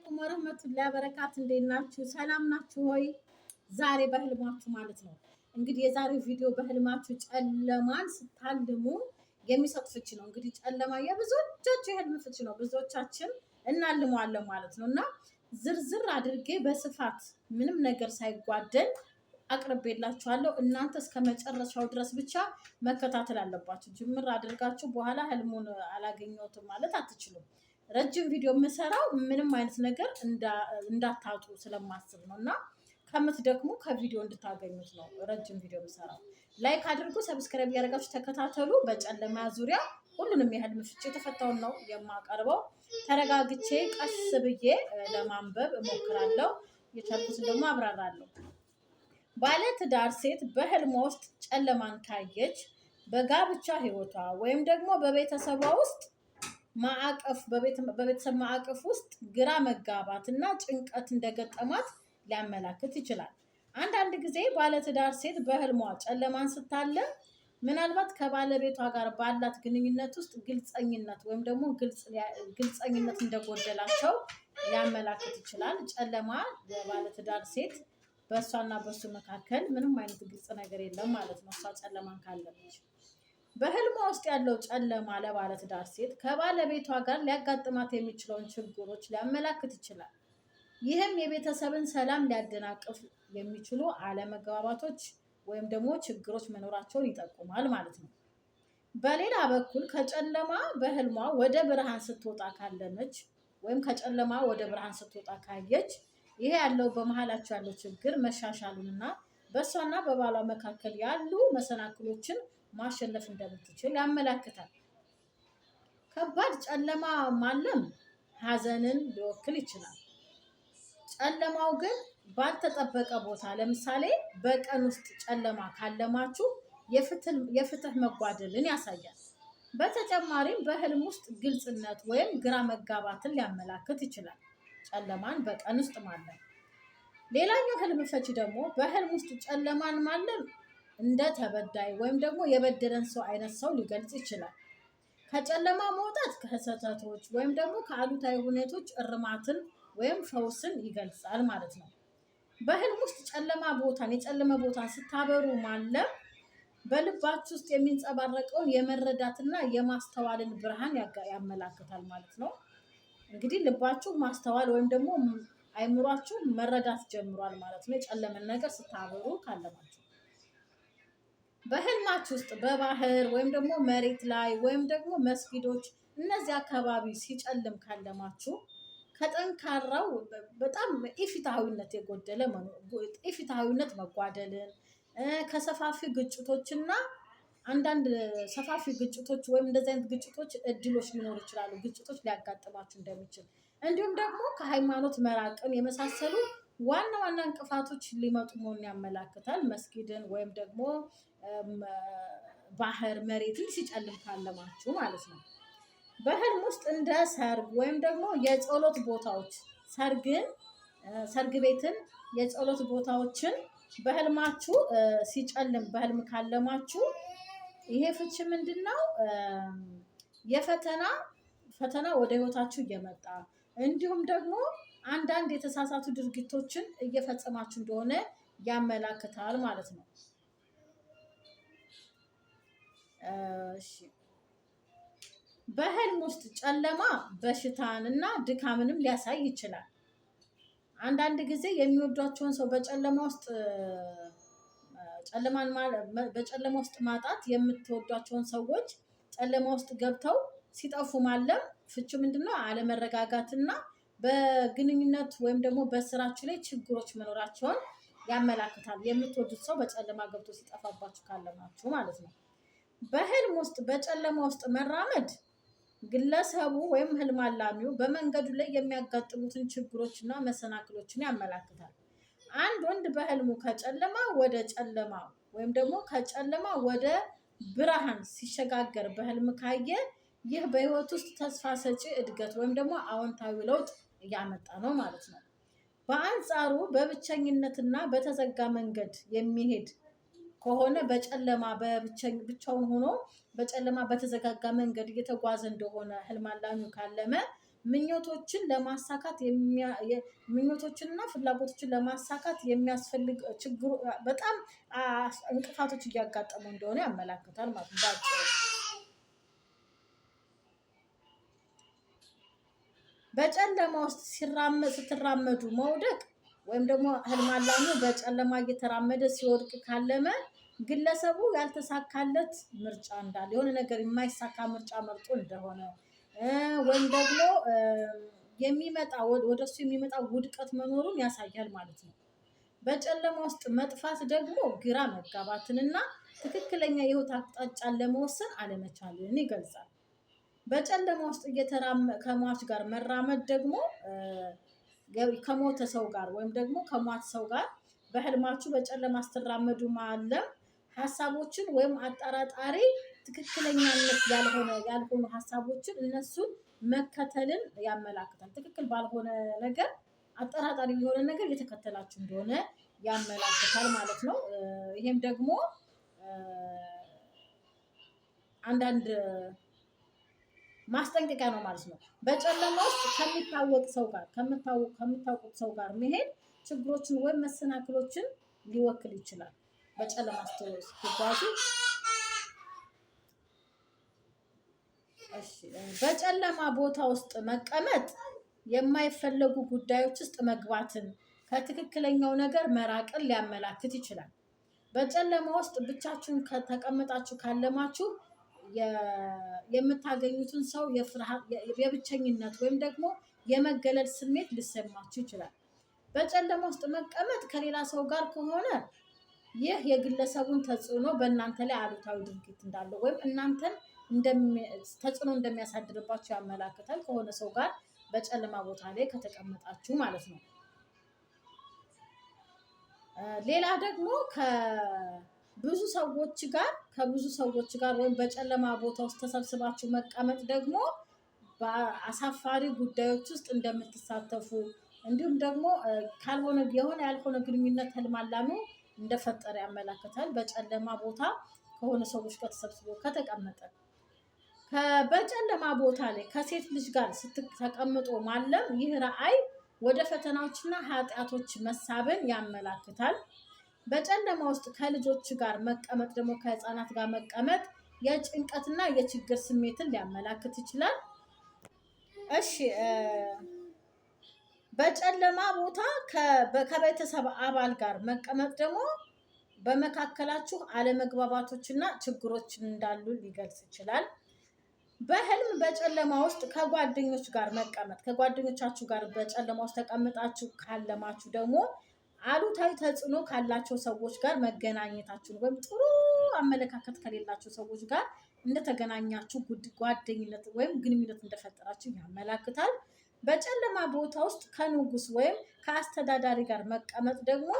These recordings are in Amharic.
አለይኩም ወረህመቱላሂ በረካቱ። እንዴት ናችሁ? ሰላም ናችሁ ሆይ? ዛሬ በህልማችሁ ማለት ነው እንግዲህ የዛሬው ቪዲዮ በህልማችሁ ጨለማን ስታልሙ የሚሰጥ ፍቺ ነው። እንግዲህ ጨለማ የብዙዎቻችሁ የህልም ፍቺ ነው። ብዙዎቻችን እናልመዋለን ማለት ነው እና ዝርዝር አድርጌ በስፋት ምንም ነገር ሳይጓደል አቅርቤላችኋለሁ። እናንተ እስከ መጨረሻው ድረስ ብቻ መከታተል አለባችሁ። ጅምር አድርጋችሁ በኋላ ህልሙን አላገኘሁትም ማለት አትችሉም። ረጅም ቪዲዮ የምሰራው ምንም አይነት ነገር እንዳታጡ ስለማስብ ነው እና ከምትደክሙ ከቪዲዮ እንድታገኙት ነው ረጅም ቪዲዮ የምሰራው። ላይክ አድርጉ፣ ሰብስክራይብ ያደረጋችሁ ተከታተሉ። በጨለማ ዙሪያ ሁሉንም የህልም ፍቺ የተፈታውን ነው የማቀርበው። ተረጋግቼ ቀስ ብዬ ለማንበብ እሞክራለሁ። የቻልኩትን ደግሞ አብራራለሁ። ባለ ትዳር ሴት በህልሟ ውስጥ ጨለማን ካየች በጋብቻ ህይወቷ ወይም ደግሞ በቤተሰቧ ውስጥ ማዕቀፍ በቤተሰብ ማዕቀፍ ውስጥ ግራ መጋባት እና ጭንቀት እንደገጠማት ሊያመላክት ይችላል። አንዳንድ ጊዜ ባለትዳር ሴት በህልሟ ጨለማን ስታለም ምናልባት ከባለቤቷ ጋር ባላት ግንኙነት ውስጥ ግልጸኝነት ወይም ደግሞ ግልፀኝነት እንደጎደላቸው ሊያመላክት ይችላል። ጨለማ የባለትዳር ሴት በእሷና በእሱ መካከል ምንም አይነት ግልጽ ነገር የለም ማለት ነው፣ እሷ ጨለማን ካለች። በህልሟ ውስጥ ያለው ጨለማ ለባለትዳር ሴት ከባለቤቷ ጋር ሊያጋጥማት የሚችለውን ችግሮች ሊያመላክት ይችላል። ይህም የቤተሰብን ሰላም ሊያደናቅፍ የሚችሉ አለመግባባቶች ወይም ደግሞ ችግሮች መኖራቸውን ይጠቁማል ማለት ነው። በሌላ በኩል ከጨለማ በህልሟ ወደ ብርሃን ስትወጣ ካለመች ወይም ከጨለማ ወደ ብርሃን ስትወጣ ካየች ይሄ ያለው በመሀላቸው ያለው ችግር መሻሻሉንና በእሷና በባሏ መካከል ያሉ መሰናክሎችን ማሸነፍ እንደምትችል ያመላክታል። ከባድ ጨለማ ማለም ሀዘንን ሊወክል ይችላል። ጨለማው ግን ባልተጠበቀ ቦታ ለምሳሌ በቀን ውስጥ ጨለማ ካለማችሁ የፍትህ መጓደልን ያሳያል። በተጨማሪም በህልም ውስጥ ግልጽነት ወይም ግራ መጋባትን ሊያመላክት ይችላል። ጨለማን በቀን ውስጥ ማለም። ሌላኛው ህልም ፈቺ ደግሞ በህልም ውስጥ ጨለማን ማለም እንደ ተበዳይ ወይም ደግሞ የበደለን ሰው አይነት ሰው ሊገልጽ ይችላል። ከጨለማ መውጣት ከስህተቶች ወይም ደግሞ ከአሉታዊ ሁኔቶች እርማትን ወይም ፈውስን ይገልጻል ማለት ነው። በህልም ውስጥ ጨለማ ቦታን የጨለመ ቦታን ስታበሩ ማለም በልባች ውስጥ የሚንጸባረቀውን የመረዳትና የማስተዋልን ብርሃን ያመላክታል ማለት ነው። እንግዲህ ልባችሁ ማስተዋል ወይም ደግሞ አይምሯችሁ መረዳት ጀምሯል ማለት ነው። የጨለመን ነገር ስታበሩ ካለማችሁ በህልማች ውስጥ በባህር ወይም ደግሞ መሬት ላይ ወይም ደግሞ መስጊዶች እነዚህ አካባቢ ሲጨልም ካለማችሁ ከጠንካራው በጣም ኢፍትሐዊነት የጎደለ ኢፍትሐዊነት መጓደልን ከሰፋፊ ግጭቶችና አንዳንድ ሰፋፊ ግጭቶች ወይም እንደዚህ አይነት ግጭቶች እድሎች ሊኖሩ ይችላሉ። ግጭቶች ሊያጋጥማችሁ እንደሚችል እንዲሁም ደግሞ ከሃይማኖት መራቅን የመሳሰሉ ዋና ዋና እንቅፋቶች ሊመጡ መሆኑን ያመላክታል። መስጊድን ወይም ደግሞ ባህር መሬትን ሲጨልም ካለማችሁ ማለት ነው። በህልም ውስጥ እንደ ሰርግ ወይም ደግሞ የጸሎት ቦታዎች ሰርግን፣ ሰርግ ቤትን፣ የጸሎት ቦታዎችን በህልማችሁ ሲጨልም በህልም ካለማችሁ ይሄ ፍቺ ምንድን ነው? የፈተና ፈተና ወደ ህይወታችሁ እየመጣ እንዲሁም ደግሞ አንዳንድ የተሳሳቱ ድርጊቶችን እየፈጸማችሁ እንደሆነ ያመላክታል ማለት ነው። በህልም ውስጥ ጨለማ በሽታንና ድካምንም ሊያሳይ ይችላል። አንዳንድ ጊዜ የሚወዷቸውን ሰው በጨለማ ውስጥ ጨለማን በጨለማ ውስጥ ማጣት የምትወዷቸውን ሰዎች ጨለማ ውስጥ ገብተው ሲጠፉ ማለም ፍቺ ምንድነው? አለመረጋጋትና በግንኙነት ወይም ደግሞ በስራችሁ ላይ ችግሮች መኖራቸውን ያመላክታል። የምትወዱት ሰው በጨለማ ገብቶ ሲጠፋባችሁ ካለማችሁ ማለት ነው። በህልም ውስጥ በጨለማ ውስጥ መራመድ ግለሰቡ ወይም ህልም አላሚው በመንገዱ ላይ የሚያጋጥሙትን ችግሮችና መሰናክሎችን ያመላክታል። አንድ ወንድ በህልሙ ከጨለማ ወደ ጨለማ ወይም ደግሞ ከጨለማ ወደ ብርሃን ሲሸጋገር በህልም ካየ ይህ በህይወት ውስጥ ተስፋ ሰጪ እድገት ወይም ደግሞ አዎንታዊ ለውጥ እያመጣ ነው ማለት ነው። በአንጻሩ በብቸኝነትና በተዘጋ መንገድ የሚሄድ ከሆነ በጨለማ ብቻውን ሆኖ በጨለማ በተዘጋጋ መንገድ እየተጓዘ እንደሆነ ህልም ካለመ ምኞቶችን ለማሳካት ምኞቶችንና ፍላጎቶችን ለማሳካት የሚያስፈልግ ችግሩ በጣም እንቅፋቶች እያጋጠሙ እንደሆነ ያመላክታል ማለት ነው። በጨለማ ውስጥ ሲራመድ ስትራመዱ መውደቅ ወይም ደግሞ ህልማላሙ በጨለማ እየተራመደ ሲወድቅ ካለመ ግለሰቡ ያልተሳካለት ምርጫ እንዳለ የሆነ ነገር የማይሳካ ምርጫ መርጦ እንደሆነ ወይም ደግሞ የሚመጣ ወደሱ የሚመጣ ውድቀት መኖሩን ያሳያል ማለት ነው። በጨለማ ውስጥ መጥፋት ደግሞ ግራ መጋባትንና ትክክለኛ የህይወት አቅጣጫን ለመወሰን አለመቻልን ይገልጻል። በጨለማ ውስጥ ከሟች ጋር መራመድ ደግሞ ከሞተ ሰው ጋር ወይም ደግሞ ከሟት ሰው ጋር በህልማችሁ በጨለማ ስትራመዱ ማለም ሀሳቦችን ወይም አጠራጣሪ ትክክለኛነት ያልሆነ ያልሆኑ ሀሳቦችን እነሱን መከተልን ያመላክታል። ትክክል ባልሆነ ነገር አጠራጣሪ የሆነ ነገር እየተከተላችሁ እንደሆነ ያመላክታል ማለት ነው። ይሄም ደግሞ አንዳንድ ማስጠንቀቂያ ነው ማለት ነው። በጨለማ ውስጥ ከሚታወቅ ሰው ጋር ከምታውቁት ሰው ጋር መሄድ ችግሮችን ወይም መሰናክሎችን ሊወክል ይችላል። በጨለማ ስትጓዙ በጨለማ ቦታ ውስጥ መቀመጥ የማይፈለጉ ጉዳዮች ውስጥ መግባትን ከትክክለኛው ነገር መራቅን ሊያመላክት ይችላል። በጨለማ ውስጥ ብቻችሁን ከተቀመጣችሁ ካለማችሁ የምታገኙትን ሰው የብቸኝነት ወይም ደግሞ የመገለል ስሜት ሊሰማችሁ ይችላል። በጨለማ ውስጥ መቀመጥ ከሌላ ሰው ጋር ከሆነ ይህ የግለሰቡን ተጽዕኖ በእናንተ ላይ አሉታዊ ድርጊት እንዳለው ወይም እናንተን ተጽዕኖ እንደሚያሳድርባቸው ያመላክታል። ከሆነ ሰው ጋር በጨለማ ቦታ ላይ ከተቀመጣችሁ ማለት ነው። ሌላ ደግሞ ብዙ ሰዎች ጋር ከብዙ ሰዎች ጋር ወይም በጨለማ ቦታ ውስጥ ተሰብስባችሁ መቀመጥ ደግሞ በአሳፋሪ ጉዳዮች ውስጥ እንደምትሳተፉ እንዲሁም ደግሞ ካልሆነ የሆነ ያልሆነ ግንኙነት ህልም እንደፈጠረ ያመላክታል። በጨለማ ቦታ ከሆነ ሰዎች ጋር ተሰብስቦ ከተቀመጠ በጨለማ ቦታ ላይ ከሴት ልጅ ጋር ስትተቀምጦ ማለም ይህ ረአይ ወደ ፈተናዎችና ኃጢአቶች መሳብን ያመላክታል። በጨለማ ውስጥ ከልጆች ጋር መቀመጥ ደግሞ ከህፃናት ጋር መቀመጥ የጭንቀትና የችግር ስሜትን ሊያመላክት ይችላል። እሺ በጨለማ ቦታ ከቤተሰብ አባል ጋር መቀመጥ ደግሞ በመካከላችሁ አለመግባባቶችና ችግሮች እንዳሉ ሊገልጽ ይችላል። በህልም በጨለማ ውስጥ ከጓደኞች ጋር መቀመጥ ከጓደኞቻችሁ ጋር በጨለማ ውስጥ ተቀምጣችሁ ካለማችሁ ደግሞ አሉታዊ ተጽዕኖ ካላቸው ሰዎች ጋር መገናኘታችሁ ነው። ወይም ጥሩ አመለካከት ከሌላቸው ሰዎች ጋር እንደተገናኛችሁ ጓደኝነት ወይም ግንኙነት እንደፈጠራችሁ ያመላክታል። በጨለማ ቦታ ውስጥ ከንጉስ ወይም ከአስተዳዳሪ ጋር መቀመጥ ደግሞ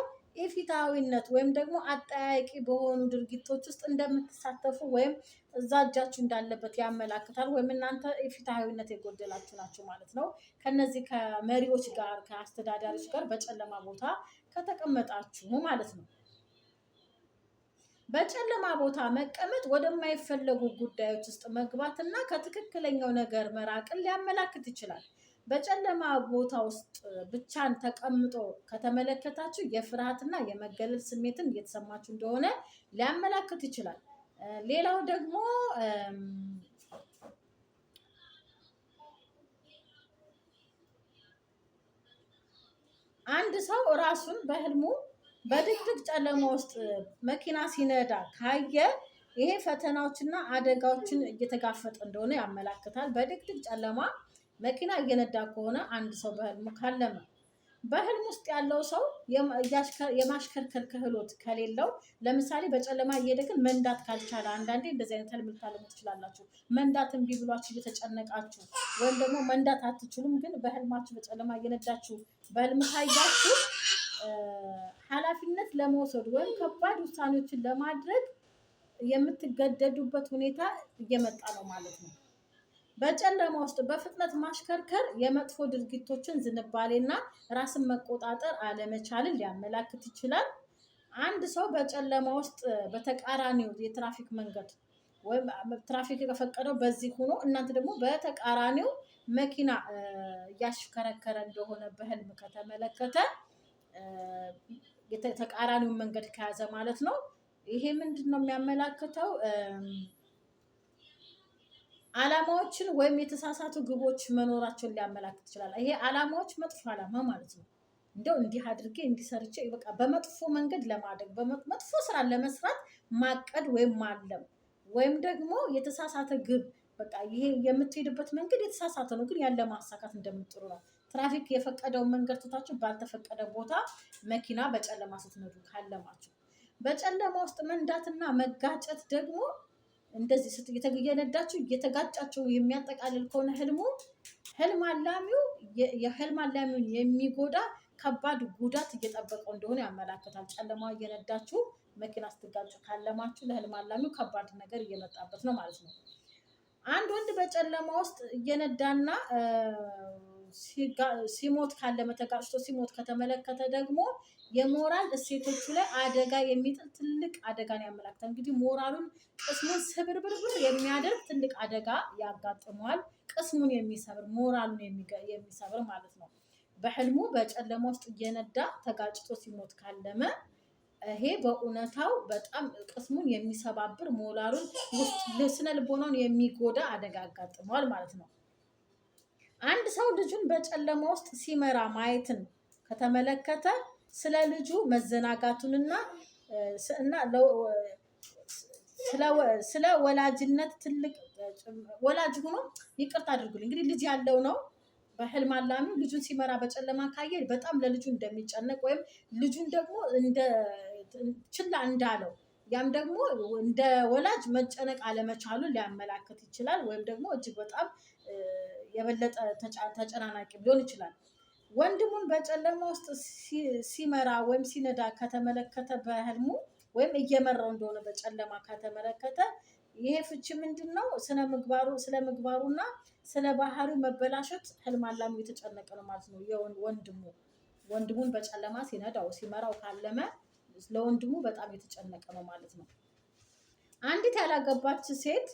ኢፊታዊነት ወይም ደግሞ አጠያቂ በሆኑ ድርጊቶች ውስጥ እንደምትሳተፉ ወይም እዛ እጃችሁ እንዳለበት ያመላክታል። ወይም እናንተ ኢፊታዊነት የጎደላችሁ ናቸው ማለት ነው። ከነዚህ ከመሪዎች ጋር ከአስተዳዳሪዎች ጋር በጨለማ ቦታ ከተቀመጣችሁ ማለት ነው። በጨለማ ቦታ መቀመጥ ወደማይፈለጉ ጉዳዮች ውስጥ መግባትና ከትክክለኛው ነገር መራቅን ሊያመላክት ይችላል። በጨለማ ቦታ ውስጥ ብቻን ተቀምጦ ከተመለከታችሁ የፍርሃትና የመገለል ስሜትን እየተሰማችሁ እንደሆነ ሊያመላክት ይችላል። ሌላው ደግሞ አንድ ሰው ራሱን በህልሙ በድቅድቅ ጨለማ ውስጥ መኪና ሲነዳ ካየ ይሄ ፈተናዎችና አደጋዎችን እየተጋፈጠ እንደሆነ ያመላክታል። በድቅድቅ ጨለማ መኪና እየነዳ ከሆነ አንድ ሰው በህልሙ ካለመ በህልም ውስጥ ያለው ሰው የማሽከርከር ክህሎት ከሌለው ለምሳሌ በጨለማ እየሄደ ግን መንዳት ካልቻለ፣ አንዳንዴ እንደዚህ አይነት ህልም ልታለሙ ትችላላችሁ። መንዳት እምቢ ብሏችሁ እየተጨነቃችሁ ወይም ደግሞ መንዳት አትችሉም፣ ግን በህልማችሁ በጨለማ እየነዳችሁ በህልም ታያችሁ ኃላፊነት ለመውሰድ ወይም ከባድ ውሳኔዎችን ለማድረግ የምትገደዱበት ሁኔታ እየመጣ ነው ማለት ነው። በጨለማ ውስጥ በፍጥነት ማሽከርከር የመጥፎ ድርጊቶችን ዝንባሌና ራስን መቆጣጠር አለመቻልን ሊያመላክት ይችላል። አንድ ሰው በጨለማ ውስጥ በተቃራኒው የትራፊክ መንገድ ወይም ትራፊክ የፈቀደው በዚህ ሆኖ እናንተ ደግሞ በተቃራኒው መኪና እያሽከረከረ እንደሆነ በህልም ከተመለከተ ተቃራኒውን መንገድ ከያዘ ማለት ነው። ይሄ ምንድን ነው የሚያመላክተው? አላማዎችን ወይም የተሳሳቱ ግቦች መኖራቸውን ሊያመላክት ይችላል። ይሄ አላማዎች መጥፎ አላማ ማለት ነው። እንደው እንዲህ አድርጌ እንዲሰርቼ በቃ በመጥፎ መንገድ ለማደግ መጥፎ ስራ ለመስራት ማቀድ ወይም ማለም ወይም ደግሞ የተሳሳተ ግብ በቃ ይሄ የምትሄድበት መንገድ የተሳሳተ ነው፣ ግን ያለ ማሳካት እንደምጥሩ ነው። ትራፊክ የፈቀደውን መንገድ ትታችሁ ባልተፈቀደ ቦታ መኪና በጨለማ ስትነዱ ካለማችሁ፣ በጨለማ ውስጥ መንዳትና መጋጨት ደግሞ እንደዚህ እየነዳችሁ እየተጋጫችሁ የሚያጠቃልል ከሆነ ህልሙ ህልም አላሚው የህልም አላሚውን የሚጎዳ ከባድ ጉዳት እየጠበቀው እንደሆነ ያመላክታል። ጨለማ እየነዳችሁ መኪና ስትጋጩ ካለማችሁ ለህልም አላሚው ከባድ ነገር እየመጣበት ነው ማለት ነው። አንድ ወንድ በጨለማ ውስጥ እየነዳና ሲሞት ካለመ ተጋጭቶ ሲሞት ከተመለከተ ደግሞ የሞራል እሴቶቹ ላይ አደጋ የሚጥል ትልቅ አደጋን ያመላክታል። እንግዲህ ሞራሉን ቅስሙን ስብርብርብር የሚያደርግ ትልቅ አደጋ ያጋጥመዋል። ቅስሙን የሚሰብር ሞራሉን የሚሰብር ማለት ነው። በሕልሙ በጨለማ ውስጥ እየነዳ ተጋጭቶ ሲሞት ካለመ ይሄ በእውነታው በጣም ቅስሙን የሚሰባብር ሞራሉን ስነ ልቦናውን የሚጎዳ አደጋ ያጋጥመዋል ማለት ነው። አንድ ሰው ልጁን በጨለማ ውስጥ ሲመራ ማየትን ከተመለከተ ስለ ልጁ መዘናጋቱንና ስለ ወላጅነት ትልቅ ወላጅ ሆኖ ይቅርታ አድርጉልኝ። እንግዲህ ልጅ ያለው ነው በህልም አላሚ ልጁን ሲመራ በጨለማ ካየ በጣም ለልጁ እንደሚጨነቅ ወይም ልጁን ደግሞ ችላ እንዳለው ያም ደግሞ እንደ ወላጅ መጨነቅ አለመቻሉን ሊያመላክት ይችላል። ወይም ደግሞ እጅግ በጣም የበለጠ ተጨናናቂ ሊሆን ይችላል። ወንድሙን በጨለማ ውስጥ ሲመራ ወይም ሲነዳ ከተመለከተ በህልሙ ወይም እየመራው እንደሆነ በጨለማ ከተመለከተ ይሄ ፍቺ ምንድን ነው? ስነ ምግባሩ ስለ ምግባሩና ስለ ባህሪው መበላሸት ህልም የተጨነቀ ነው ማለት ነው። ወንድሙ ወንድሙን በጨለማ ሲነዳው ሲመራው ካለመ ለወንድሙ በጣም የተጨነቀ ነው ማለት ነው። አንዲት ያላገባች ሴት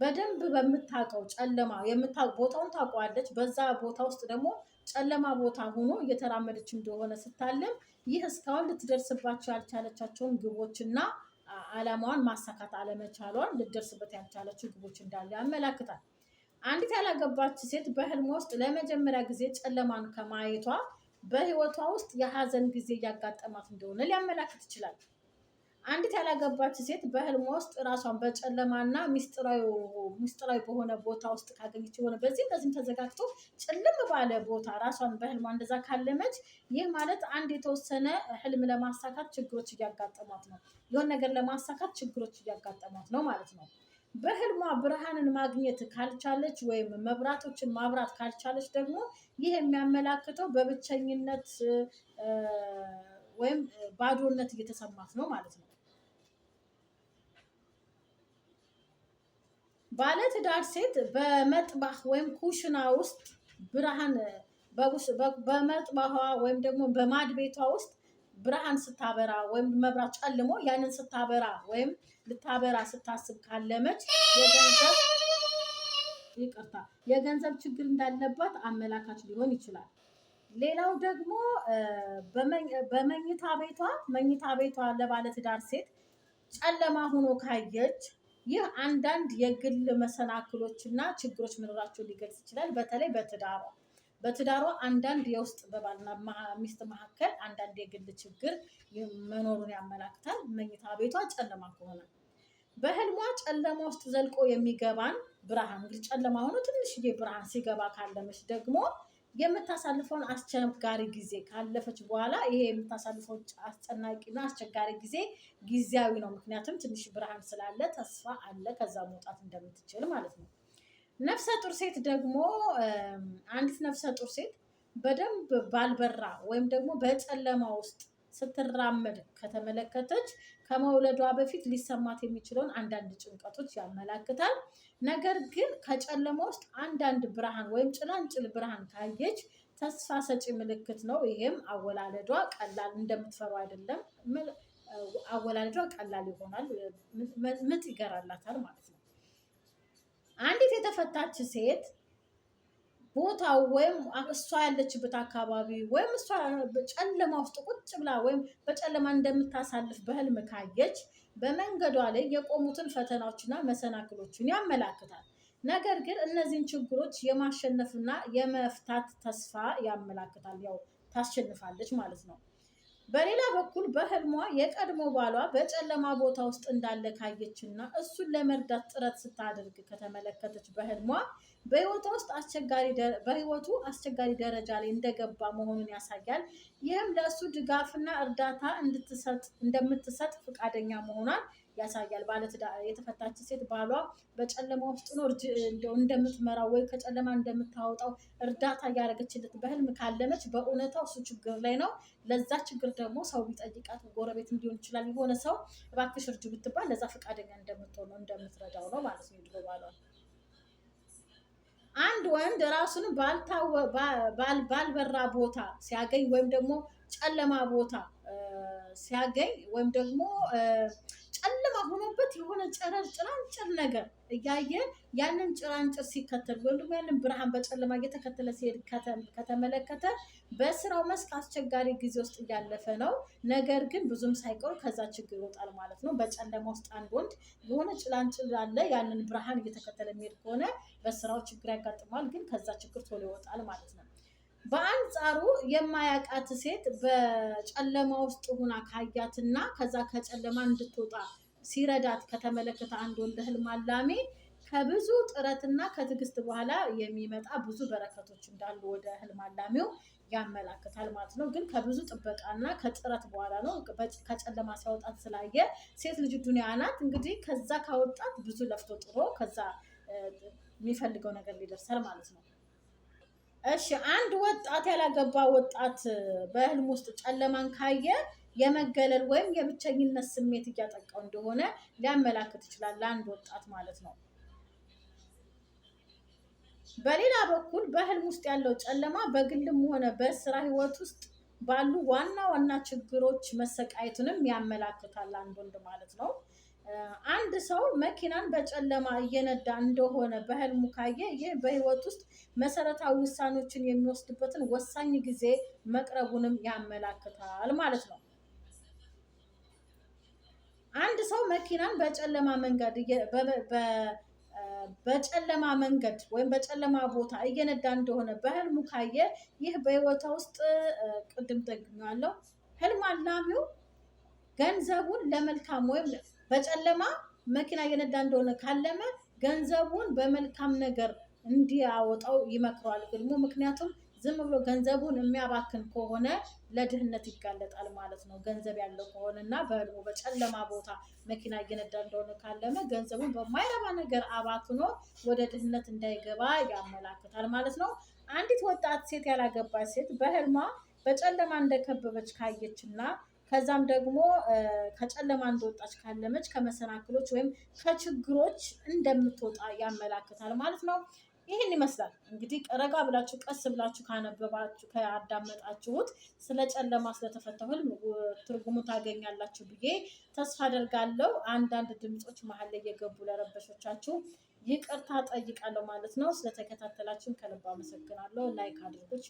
በደንብ በምታውቀው ጨለማ የምታውቅ ቦታውን ታውቀዋለች። በዛ ቦታ ውስጥ ደግሞ ጨለማ ቦታ ሆኖ እየተራመደች እንደሆነ ስታለም ይህ እስካሁን ልትደርስባቸው ያልቻለቻቸውን ግቦችና ዓላማዋን ማሳካት አለመቻሏን ልትደርስበት ያልቻለችው ግቦች እንዳለ ያመላክታል። አንዲት ያላገባች ሴት በህልም ውስጥ ለመጀመሪያ ጊዜ ጨለማን ከማየቷ በህይወቷ ውስጥ የሀዘን ጊዜ እያጋጠማት እንደሆነ ሊያመላክት ይችላል። አንዲት ያላገባች ሴት በህልሟ ውስጥ ራሷን በጨለማና ሚስጥራዊ በሆነ ቦታ ውስጥ ካገኘች የሆነ በዚህም በዚህም ተዘጋግቶ ጭልም ባለ ቦታ ራሷን በህልሟ እንደዛ ካለመች ይህ ማለት አንድ የተወሰነ ህልም ለማሳካት ችግሮች እያጋጠሟት ነው። የሆነ ነገር ለማሳካት ችግሮች እያጋጠሟት ነው ማለት ነው። በህልሟ ብርሃንን ማግኘት ካልቻለች ወይም መብራቶችን ማብራት ካልቻለች ደግሞ ይህ የሚያመላክተው በብቸኝነት ወይም ባዶነት እየተሰማት ነው ማለት ነው። ባለትዳር ሴት በመጥባህ ወይም ኩሽና ውስጥ ብርሃን በመጥባኋ ወይም ደግሞ በማድ ቤቷ ውስጥ ብርሃን ስታበራ ወይም መብራት ጨልሞ ያንን ስታበራ ወይም ልታበራ ስታስብ ካለመች የገንዘብ ይቅርታ የገንዘብ ችግር እንዳለባት አመላካች ሊሆን ይችላል። ሌላው ደግሞ በመኝታ ቤቷ መኝታ ቤቷ ለባለትዳር ሴት ጨለማ ሆኖ ካየች ይህ አንዳንድ የግል መሰናክሎችና ችግሮች መኖራቸውን ሊገልጽ ይችላል። በተለይ በትዳሯ በትዳሯ አንዳንድ የውስጥ በባልና ሚስት መካከል አንዳንድ የግል ችግር መኖሩን ያመላክታል። መኝታ ቤቷ ጨለማ ከሆነ በህልሟ ጨለማ ውስጥ ዘልቆ የሚገባን ብርሃን እንግዲህ ጨለማ ሆኖ ትንሽዬ ብርሃን ሲገባ ካለመች ደግሞ የምታሳልፈውን አስቸጋሪ ጊዜ ካለፈች በኋላ ይሄ የምታሳልፈውን አስጨናቂና አስቸጋሪ ጊዜ ጊዜያዊ ነው። ምክንያቱም ትንሽ ብርሃን ስላለ ተስፋ አለ፣ ከዛ መውጣት እንደምትችል ማለት ነው። ነፍሰ ጡር ሴት ደግሞ አንዲት ነፍሰ ጡር ሴት በደንብ ባልበራ ወይም ደግሞ በጨለማ ውስጥ ስትራመድ ከተመለከተች ከመውለዷ በፊት ሊሰማት የሚችለውን አንዳንድ ጭንቀቶች ያመላክታል። ነገር ግን ከጨለማ ውስጥ አንዳንድ ብርሃን ወይም ጭላንጭል ብርሃን ካየች ተስፋ ሰጪ ምልክት ነው። ይህም አወላለዷ ቀላል እንደምትፈሩ አይደለም፣ አወላለዷ ቀላል ይሆናል፣ ምጥ ይገራላታል ማለት ነው። አንዲት የተፈታች ሴት ቦታው ወይም እሷ ያለችበት አካባቢ ወይም እሷ በጨለማ ውስጥ ቁጭ ብላ ወይም በጨለማ እንደምታሳልፍ በህልም ካየች በመንገዷ ላይ የቆሙትን ፈተናዎችና መሰናክሎችን ያመላክታል። ነገር ግን እነዚህን ችግሮች የማሸነፍና የመፍታት ተስፋ ያመላክታል። ያው ታሸንፋለች ማለት ነው። በሌላ በኩል በህልሟ የቀድሞ ባሏ በጨለማ ቦታ ውስጥ እንዳለ ካየችና እሱን ለመርዳት ጥረት ስታደርግ ከተመለከተች በህልሟ በህይወቱ ውስጥ አስቸጋሪ በህይወቱ አስቸጋሪ ደረጃ ላይ እንደገባ መሆኑን ያሳያል። ይህም ለእሱ ድጋፍና እርዳታ እንድትሰጥ እንደምትሰጥ ፈቃደኛ መሆኗን ያሳያል። የተፈታች ሴት ባሏ በጨለማ ውስጥ ኖር እንደምትመራው ወይ ከጨለማ እንደምታወጣው እርዳታ እያደረገችለት በህልም ካለመች በእውነታ እሱ ችግር ላይ ነው። ለዛ ችግር ደግሞ ሰው ቢጠይቃት ጎረቤት ሊሆን ይችላል የሆነ ሰው እባክሽ እርጅ ብትባል ለዛ ፈቃደኛ እንደምትሆን እንደምትረዳው ነው ማለት ነው ድሮ ባሏል አንድ ወንድ ራሱን ባልበራ ቦታ ሲያገኝ ወይም ደግሞ ጨለማ ቦታ ሲያገኝ ወይም ደግሞ ጨለማ ሆኖበት የሆነ ጨረር ጭራንጭር ነገር እያየ ያንን ጭራንጭር ሲከተል ወይም ደግሞ ያንን ብርሃን በጨለማ እየተከተለ ሲሄድ ከተመለከተ በስራው መስክ አስቸጋሪ ጊዜ ውስጥ እያለፈ ነው። ነገር ግን ብዙም ሳይቀር ከዛ ችግር ይወጣል ማለት ነው። በጨለማ ውስጥ አንድ ወንድ የሆነ ጭላንጭል አለ። ያንን ብርሃን እየተከተለ የሚሄድ ከሆነ በስራው ችግር ያጋጥመዋል፣ ግን ከዛ ችግር ቶሎ ይወጣል ማለት ነው። በአንጻሩ የማያውቃት ሴት በጨለማ ውስጥ ሁና ካያትና ከዛ ከጨለማ እንድትወጣ ሲረዳት ከተመለከተ አንድ ወንድ ህልም አላሜ ከብዙ ጥረትና ከትዕግስት በኋላ የሚመጣ ብዙ በረከቶች እንዳሉ ወደ ህልም አላሜው ያመላክታል ማለት ነው። ግን ከብዙ ጥበቃና ከጥረት በኋላ ነው። ከጨለማ ሲያወጣት ስላየ ሴት ልጅ ዱኒያ ናት። እንግዲህ ከዛ ካወጣት ብዙ ለፍቶ ጥሮ ከዛ የሚፈልገው ነገር ሊደርሳል ማለት ነው። እሺ አንድ ወጣት ያላገባ ወጣት በህልም ውስጥ ጨለማን ካየ የመገለል ወይም የብቸኝነት ስሜት እያጠቃው እንደሆነ ሊያመላክት ይችላል፣ ለአንድ ወጣት ማለት ነው። በሌላ በኩል በህልም ውስጥ ያለው ጨለማ በግልም ሆነ በስራ ህይወት ውስጥ ባሉ ዋና ዋና ችግሮች መሰቃየትንም ያመላክታል፣ አንድ ወንድ ማለት ነው። አንድ ሰው መኪናን በጨለማ እየነዳ እንደሆነ በህልሙ ካየ ይህ በህይወት ውስጥ መሰረታዊ ውሳኔዎችን የሚወስድበትን ወሳኝ ጊዜ መቅረቡንም ያመላክታል ማለት ነው። አንድ ሰው መኪናን በጨለማ መንገድ በጨለማ መንገድ ወይም በጨለማ ቦታ እየነዳ እንደሆነ በህልሙ ካየ ይህ በህይወቷ ውስጥ ቅድም ጠግኛለሁ። ህልም አላሚው ገንዘቡን ለመልካም ወይም በጨለማ መኪና እየነዳ እንደሆነ ካለመ ገንዘቡን በመልካም ነገር እንዲያወጣው ይመክረዋል ግልሙ። ምክንያቱም ዝም ብሎ ገንዘቡን የሚያባክን ከሆነ ለድህነት ይጋለጣል ማለት ነው። ገንዘብ ያለው ከሆነ እና በህልሙ በጨለማ ቦታ መኪና እየነዳ እንደሆነ ካለመ ገንዘቡን በማይረባ ነገር አባክኖ ወደ ድህነት እንዳይገባ ያመላክታል ማለት ነው። አንዲት ወጣት ሴት ያላገባች ሴት በህልሟ በጨለማ እንደከበበች ካየች እና ከዛም ደግሞ ከጨለማ እንደወጣች ካለመች ከመሰናክሎች ወይም ከችግሮች እንደምትወጣ ያመላክታል ማለት ነው። ይህን ይመስላል እንግዲህ ቀረጋ ብላችሁ ቀስ ብላችሁ ካነበባችሁ ከአዳመጣችሁት ስለ ጨለማ ስለተፈታው ህልም ትርጉሙ ታገኛላችሁ ብዬ ተስፋ አደርጋለሁ። አንዳንድ ድምፆች መሀል ላይ የገቡ ለረበሾቻችሁ ይቅርታ ጠይቃለሁ ማለት ነው። ስለተከታተላችሁን ከልብ አመሰግናለሁ። ላይክ አድርጎች